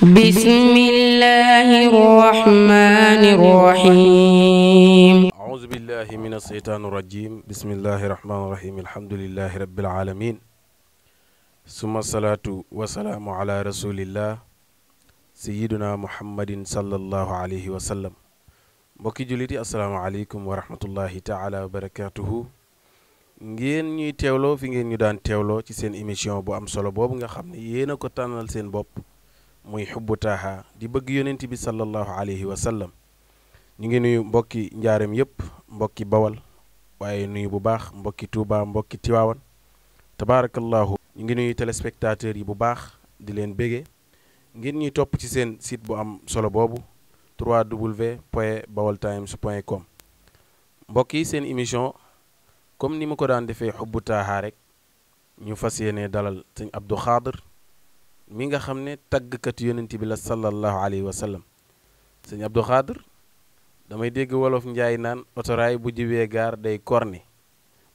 بسم الله الرحمن الرحيم أعوذ بالله من الشيطان الرجيم بسم الله الرحمن الرحيم الحمد لله رب العالمين ثم الصلاة والسلام على رسول الله سيدنا محمد صلى الله عليه وسلم mbokki jullit yi asalaamaaleykum wa rahmatullahi taala wa barakaatuhu ngeen ñuy teewloo fi ngeen ñu daan teewloo ci seen émission bu am solo boobu nga xam ne yéen a ko tànnal seen bopp muy xubbu taaha di bëgg yonent bi sallallahu alayhi wa sallam ñu ngi nuyu mbokki njaareem yëpp mbokki bawal waaye nuyu bu baax mbokki tuuba mbokki tiwaawan tabaarakallahu ñu ngi nuyu téléspectateurs yi bu baax di leen bége ngir ñuy topp ci seen site bu am solo boobu 3w point bawal times point com mbokk yi seen émission comme ni ma ko daan defee xubbu taaxa rek ñu fas yéene dalal sëñ Abdou Khader mi nga xam ne tàggkat yonent bi la sallallahu alayhi wa sallam sëñ Abdou damay dégg wolof njaay naan otoraay bu jibee gaar day korne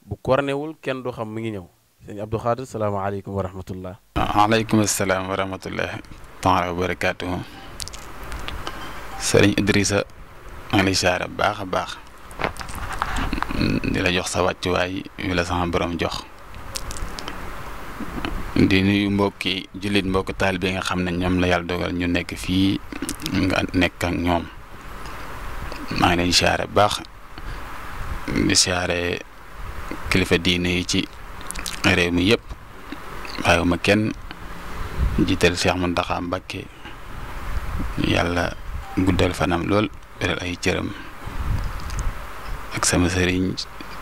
bu kornewul kenn du xam mi ngi ñëw sëñ Abdou Khadr salaamaaleykum wa rahmatullah waaleykum salaam wa rahmatullah taala wa barakaatuhu baax a baax di la jox sa wàccuwaay wi la sama borom jox di nuyu mbokki jullit mbokki taalibe nga xam ne ñoom la yàlla dogal ñu nekk fii nga nekk ak ñoom maa ngi leen siyaare baax di siyaare kilifa diine yi ci réew mi yëpp bàyyiwuma kenn jiital Cheikh Mountakha Mbacké yàlla guddal fanam lool wéral ay cëram ak sama sëriñ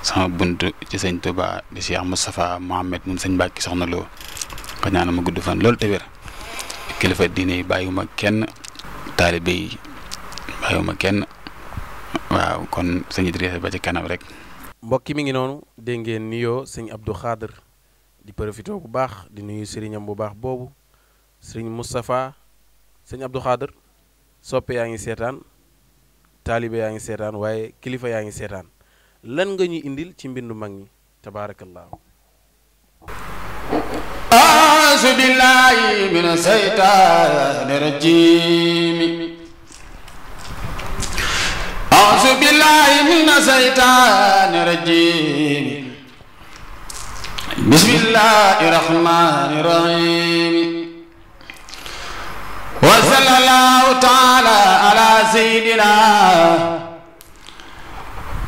sama bunt ci sëñ Touba di Cheikh Moustapha Mohamed moom sëñ Mbacké soxna loo ko ñaanal mu gudd fan loolu te wér kilifa diine yi bàyyiwuma kenn taalibe yi bàyyiwuma kenn waaw kon sëñ Idrissa ba ci kanam rek. mbokki mi ngi noonu dégg ngeen nuyoo sëñ Abdou di profité bu baax di nuyu sëriñam bu baax boobu sëriñ mustafa sëñ Abdou Khader soppe yaa ngi seetaan taalibe yaa ngi seetaan waaye kilifa yaa ngi seetaan lan nga ñu indil ci mbindu mag ñi tabaarakallaahu أعوذ بالله من الشيطان الرجيم أعوذ بالله من الشيطان الرجيم بسم الله الرحمن الرحيم وصلى الله تعالى على سيدنا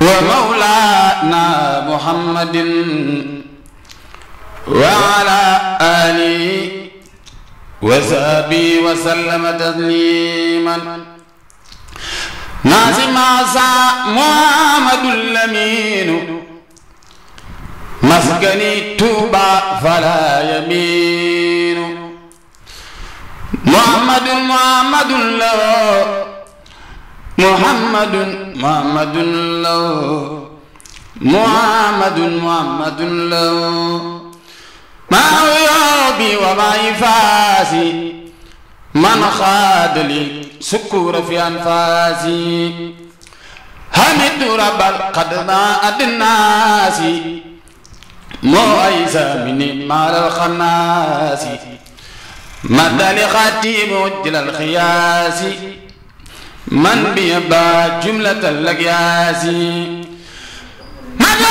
ومولانا محمد وعلى آله وصحبه وسلم تسليما ناصم عصا محمد الأمين مسكني توبا فلا يمين محمد محمد الله محمد محمد الله محمد محمد الله مع عيوبي ومع إفاسي من خاد لي سكور في أنفاسي حمد رب القدر الناس مؤيسا من مال الخناس مد لخاتي مجل الخياس من بيبا جملة الأقياس مد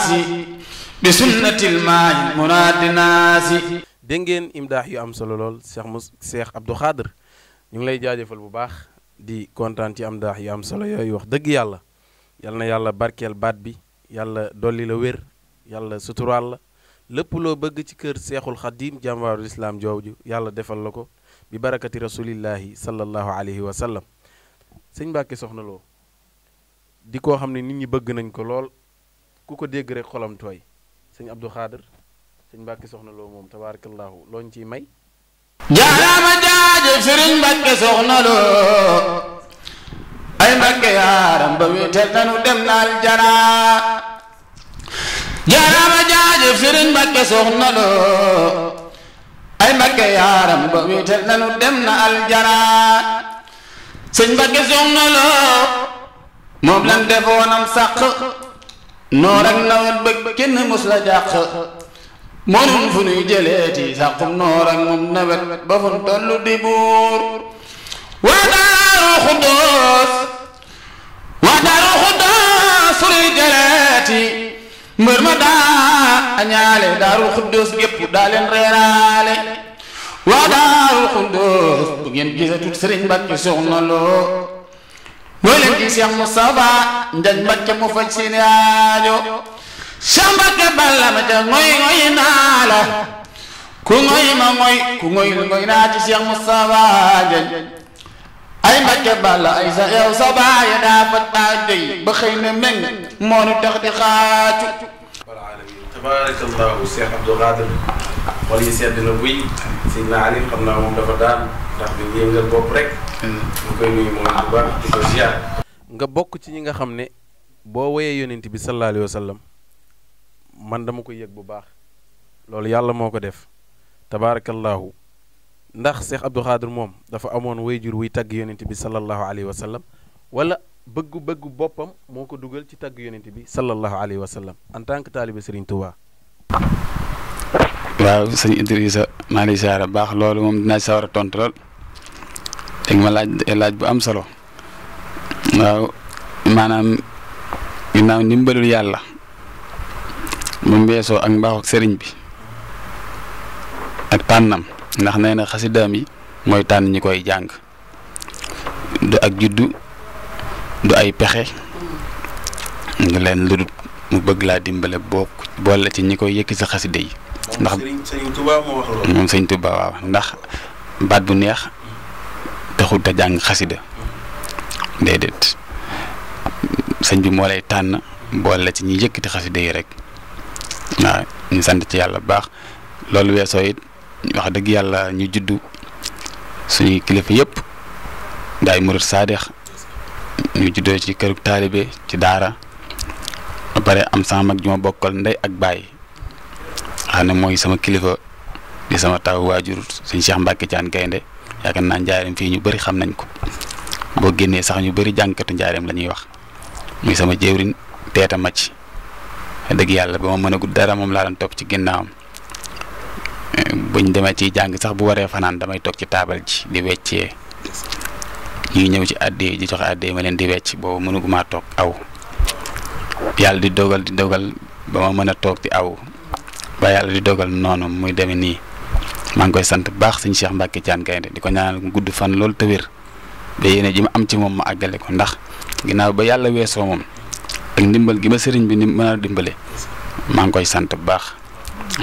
naasi bi sunnatil dégg ngeen imdaax yu am solo lool seex Mous Cheikh Abdou ñu ngi lay jaajëfal bu baax di kontaan ci am daax yu am solo yooyu wax dëgg yàlla yal na yàlla barkeel baat bi yàlla dolli la wér yàlla suturaal la lépp loo bëgg ci kër seexul xadim jàmbaaru lislaam jooju yàlla defal la ko bi barakati rasulillahi sallallahu alayhi wa sallam Mbàkke soxna loo di koo xam ne nit ñi bëgg nañ ko lool ku ko dégg rek xolam tooy sëñ Abdou Khader sëñ Mbàkke soxna loo moom tabaarakallaahu looñ ciy may noor ak nawet ba kenn mos la jàq mënun fu jëleeti sàqum noor ak nawet ba fun tollu di buur waa daaru xuddoos waa daaru xuddoos fu jëleeti mbër ma daa añaale daaru xuddoos gépp daa leen reeraale waa daaru xuddoos bu ngeen gisatut sëriñ Mbàkke soxna loo mooy leen di Cheikh Moustapha njëg Mbacke mu faj seen aajo Cheikh Mbacke balla ma ca ngoy ngoy naa la ku ngoy ma ngoy ku ngoy ngoy naa ci Cheikh Moustapha njëg ay Mbacke balla ay sa yow sa baay daa fa taajo yi ba xëy na meññ moo nu tax di xaaju. tabaarakallahu Cheikh Abdou Khadir wala yi sedd na buy. Seydina Ali xam naa moom dafa daan ndax di yëngal bopp rek. Mm. mu koy nuyu moom bu baax nga bokk ci ñi nga xam ne boo woyee yonent bi sallallahu alayhi wa sallam man dama ko yëg bu baax loolu yàlla moo ko def tabaarakallaahu ndax Cheikh Abdou Khadir moom dafa amoon jur wuy tagg yonent bi sallallahu alayhi wa sallam wala bëggu bëggu boppam moo ko dugal ci tagg yonent bi sallallahu alayhi wa sallam en tant que taalibe Serigne Touba. waaw sëñ Idrissa maa ngi lay baax loolu moom dinaa sawar a tontu lool dégg ma laaj laaj bu am solo waaw maanaam ginnaaw ndimbalul yàlla mu mbeesoo ak mbaaxu sëriñ bi ak tànnam ndax nee na xasidaam yi mooy tànn ñi koy jàng du ak juddu du ay pexe ngi leen ludut mu bëgg laa dimbale bokk boole ci ñi koy yëkk sa xasida yi ndax sëriñ moom sëriñ Tuubaa waaw ndax baat bu neex taxut a jàng xasida déedéet sëñ bi moo lay tànn boole la ci ñu ñuy yëkkati xasida yi rek waaw ñu sant ci yàlla bu baax loolu weesoo it wax dëgg yàlla ñu juddu suñuy kilifa yëpp daay murit saadeex ñu juddoo ci këru taalibe ci daara ba pare am sama mag ju bokkal ndey ak baay xam ne mooy sama kilifa di sama taw waajur sëñ Cheikh Mbacke Thian gaynde yaakaar naa njaareem fii ñu bari xam nañ ko boo génnee sax ñu bari jànkatu njaareem la ñuy wax muy sama jëwriñ teeta macc dëgg yàlla ba ma mën a gudd dara moom laa doon topp ci ginnaawam buñ demee ciy jàng sax bu waree fanaan damay toog ci taabal ji di weccee ñuy ñëw ci àddee di joxe àddee ma leen di wecc boobu mënuguma toog aw yàlla di dogal di dogal ba ma mën a toog di aw ba yàlla di dogal noonu muy demee nii maa ngi koy sant bu baax sëñ Cheikh Mbacke Thiane Gaynde di ko ñaanal mu gudd fan loolu te wér ba ji ma am ci moom ma àggale ko ndax ginnaaw ba yàlla weesoo moom ndimbal gi ma sëriñ bi ni mën a dimbale maa ngi koy sant bu baax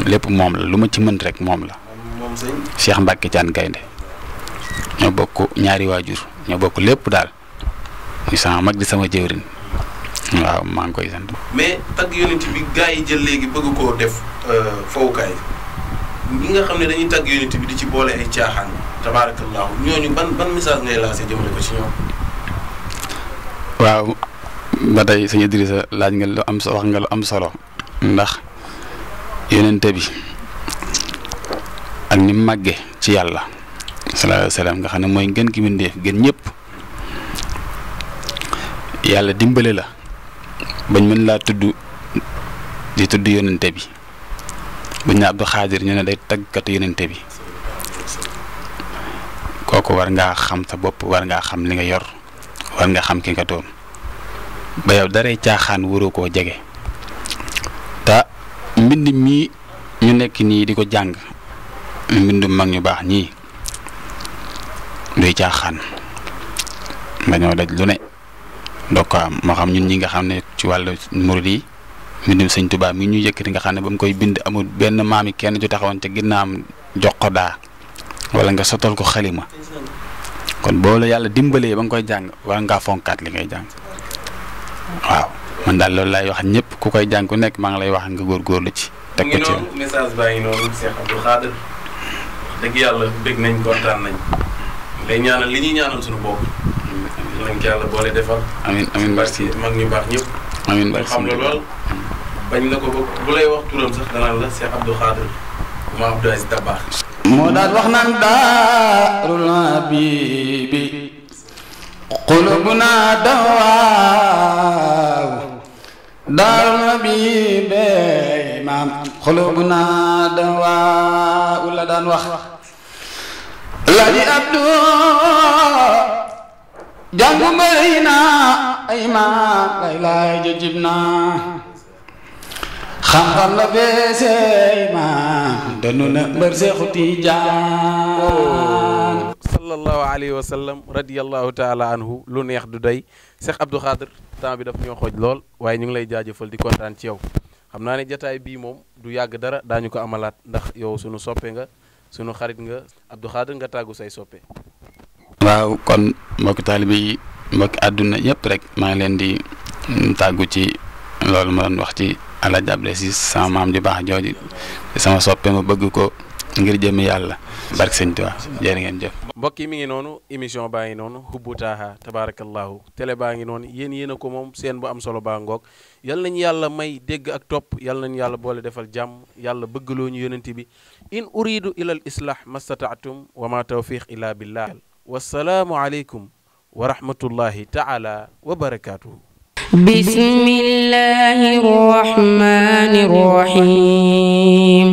lépp moom lu ma ci mën rek moom la Cheikh Mbacke Gaynde ñoo bokk ñaari waajur ñoo bokk lépp daal muy sama mag di sama jëwriñ waaw maa ngi koy sant. mais tagg yonent bi gaa yi jël léegi bëgg koo def euh, fowukaay ñi nga xam ne dañuy tagg yonent bi di ci boole ay caaxaan tabaarakallaahu ñooñu ban ban message ngay lancé jëmale ko ci ñoom. waaw ba tey sëñ Idrissa laaj nga lu am sa wax nga lu am solo ndax yonent bi ak ni màggee ci yàlla sallallahu alayhi wa nga xam ne mooy ngeen ki mbindéef gën ñëpp yàlla dimbale la. bañ mën laa tudd di tudd yonente bi bañ ne Abdou Xaadir ñu ne day tàggatu yonente bi kooku war ngaa xam sa bopp war ngaa xam li nga yor war nga xam ki nga doon ba yow daree caaxaan waroo koo jege ta mbind mii ñu nekk nii di ko jàng mbindum mag ñu baax nii duy caaxaan dañoo daj lu ne ndox ko am moo xam ñun ñi nga xam ne ci wàllu murid yi mbindum sëñ Tuubaa mi ñu yëkkati nga xam ne ba mu koy bind amul benn maam yi kenn ju taxawoon ca ginnaam jox ko daa wala nga sotal ko xalima kon boo la yàlla dimbalee ba nga koy jàng wala ngaa fonkaat daal loolu laay wax ñëpp ku koy jàng nekk maa ngi lay wax nga góorgóorlu ci. teg ci message baa ngi yàlla nañ li ñuy ñaanal suñu bopp. nañ ko yàlla boole defal. amiin amiin barki mag ñu baax bañ na ko ba bu sax danaan la Cheikh Abdou Khadre ma Abdou Aziz Dabakh. moo daan wax naan daarul habibi qulubuna wax di Abdou. jàngu mbëri naa ay maam lay laay jëjëb naa xam-xam la feeseey maam danu na mbër seexu Tijaan sallallahu alayhi wa taala anhu lu neex du doy Cheikh Abdou Khader temps bi daf ñoo xooj lool waaye ñu ngi lay jaajëfal di kontaan ci yow xam naa ne jataay bii moom du yàgg dara daañu ko amalaat ndax yow sunu soppee nga sunu xarit nga Abdou Khader nga tàggu say soppe waaw kon mbokki taalibe yi mbokki àdduna yëpp rek maa ngi leen di mm, tàggu ci loolu ma doon wax ci Alaaji Abdou Aziz sama maam ju baax jooju sama soppe ma bëgg ko ngir jëmm yàlla barke sëñ Tuubaa jërë ngeen jëf. mbokk yi mi ngi noonu émission baa ngi noonu Hubbu Taaha tabaarakallaahu tele baa ngi noonu yéen yéen a ko moom seen bu am solo baa ngoog yal ñu yàlla may dégg ak topp yal nañu yàlla boole defal jàmm yàlla bëggloo ñu yonent bi in uridu ilal islah mastataatum wa ma tawfiq illa wasalaamu aleykum wa rahmatullahi taala wa barakaatuhu bismillahi rahmani rahim